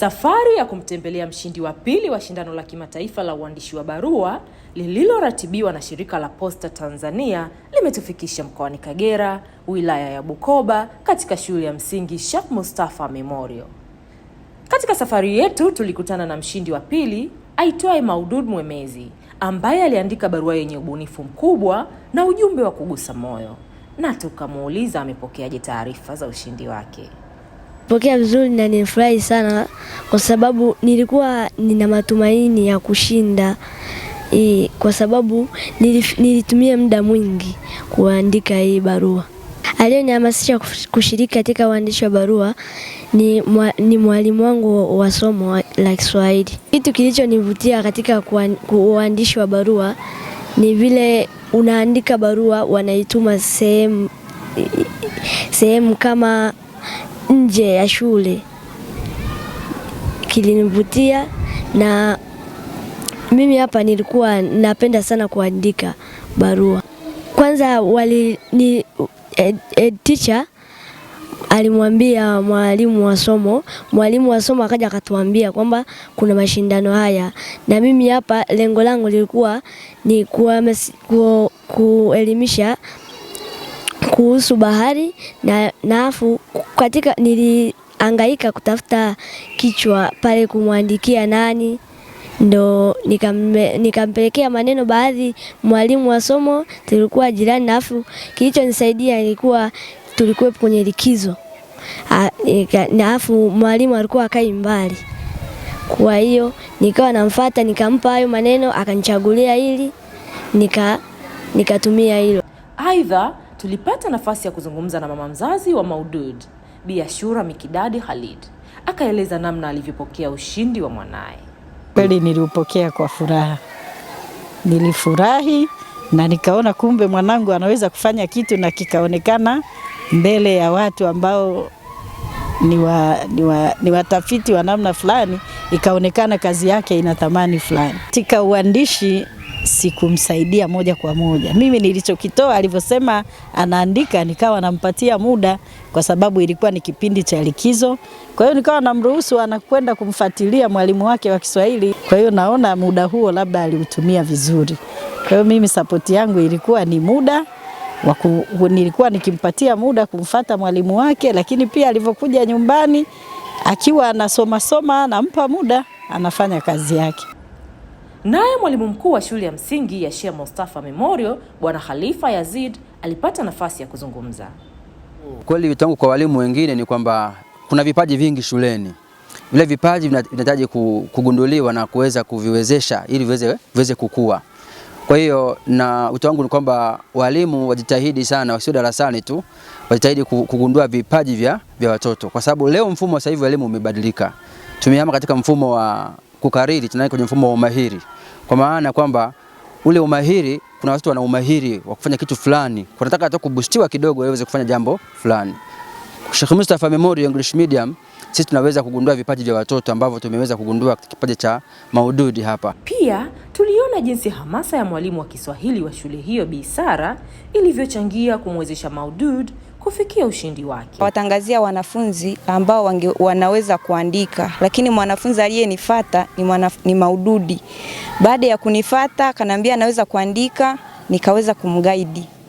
Safari ya kumtembelea mshindi wa pili wa shindano la kimataifa la uandishi wa barua lililoratibiwa na shirika la Posta Tanzania limetufikisha mkoani Kagera, wilaya ya Bukoba, katika shule ya msingi Sheikh Mustafa Memorial. Katika safari yetu tulikutana na mshindi wa pili aitwaye Maudud Mwemezi ambaye aliandika barua yenye ubunifu mkubwa na ujumbe wa kugusa moyo, na tukamuuliza amepokeaje taarifa za ushindi wake nilipokea vizuri na nilifurahi sana kwa sababu nilikuwa nina matumaini ya kushinda e, kwa sababu nilif, nilitumia muda mwingi kuandika hii barua. Aliyenihamasisha kushiriki katika uandishi wa barua ni, mwa, ni mwalimu wangu wa somo la Kiswahili. Kitu kilichonivutia katika uandishi wa barua ni vile unaandika barua wanaituma sehemu sehemu kama nje ya shule kilinivutia, na mimi hapa nilikuwa napenda sana kuandika barua. Kwanza wali ni e, e, teacher alimwambia mwalimu wa somo, mwalimu wa somo akaja akatuambia kwamba kuna mashindano haya, na mimi hapa lengo langu lilikuwa ni kuelimisha kuhusu bahari na nafu katika niliangaika kutafuta kichwa pale kumwandikia nani, ndo nikampelekea nika maneno baadhi mwalimu wa somo tulikuwa jirani, naafu kilichonisaidia ilikuwa tulikuwa kwenye likizo naafu mwalimu alikuwa akai mbali, kwa hiyo nikawa namfata nikampa hayo maneno akanichagulia hili nika nikatumia hilo aidha Tulipata nafasi ya kuzungumza na mama mzazi wa Maudud, Bi Ashura Mikidadi Khalid. Akaeleza namna alivyopokea ushindi wa mwanaye. Kweli niliupokea kwa furaha, nilifurahi na nikaona kumbe mwanangu anaweza kufanya kitu na kikaonekana mbele ya watu ambao ni, wa, ni, wa, ni watafiti wa namna fulani, ikaonekana kazi yake ina thamani fulani katika uandishi sikumsaidia moja kwa moja. Mimi nilichokitoa alivyosema anaandika, nikawa nampatia muda, kwa sababu ilikuwa ni kipindi cha likizo. Kwa hiyo nikawa namruhusu anakwenda kumfuatilia mwalimu wake wa Kiswahili. Kwa hiyo naona muda huo labda aliutumia vizuri. Kwa hiyo mimi sapoti yangu ilikuwa ni muda waku, nilikuwa nikimpatia muda kumfata mwalimu wake, lakini pia alivyokuja nyumbani akiwa anasoma soma, anampa muda, anafanya kazi yake. Naye mwalimu mkuu wa shule ya msingi ya Sheikh Mustafa Memorial Bwana Khalifa Yazid alipata nafasi ya kuzungumza. Kweli tangu kwa walimu wengine ni kwamba kuna vipaji vingi shuleni, vile vipaji vinahitaji kugunduliwa na kuweza kuviwezesha ili viweze, viweze kukua. Kwa hiyo na wito wangu ni kwamba walimu wajitahidi sana, wasio darasani tu, wajitahidi kugundua vipaji vya, vya watoto, kwa sababu leo mfumo sasa hivi wa elimu umebadilika, tumehama katika mfumo wa kukariri tunaenda kwenye mfumo wa umahiri, kwa maana kwamba ule umahiri, kuna watu wana umahiri wa kufanya kitu fulani, kunataka hata kubustiwa kidogo waweze kufanya jambo fulani. Sheikh Mustafa Memorial English Medium, sisi tunaweza kugundua vipaji vya watoto ambavyo tumeweza kugundua kipaji cha Maududi hapa. Pia tuliona jinsi hamasa ya mwalimu wa Kiswahili wa shule hiyo Bi Sara ilivyochangia kumwezesha Maududi kufikia ushindi wake. Watangazia wanafunzi ambao wange, wanaweza kuandika, lakini mwanafunzi aliyenifuata ni, ni Maududi. Baada ya kunifuata, kanaambia anaweza kuandika, nikaweza kumgaidi.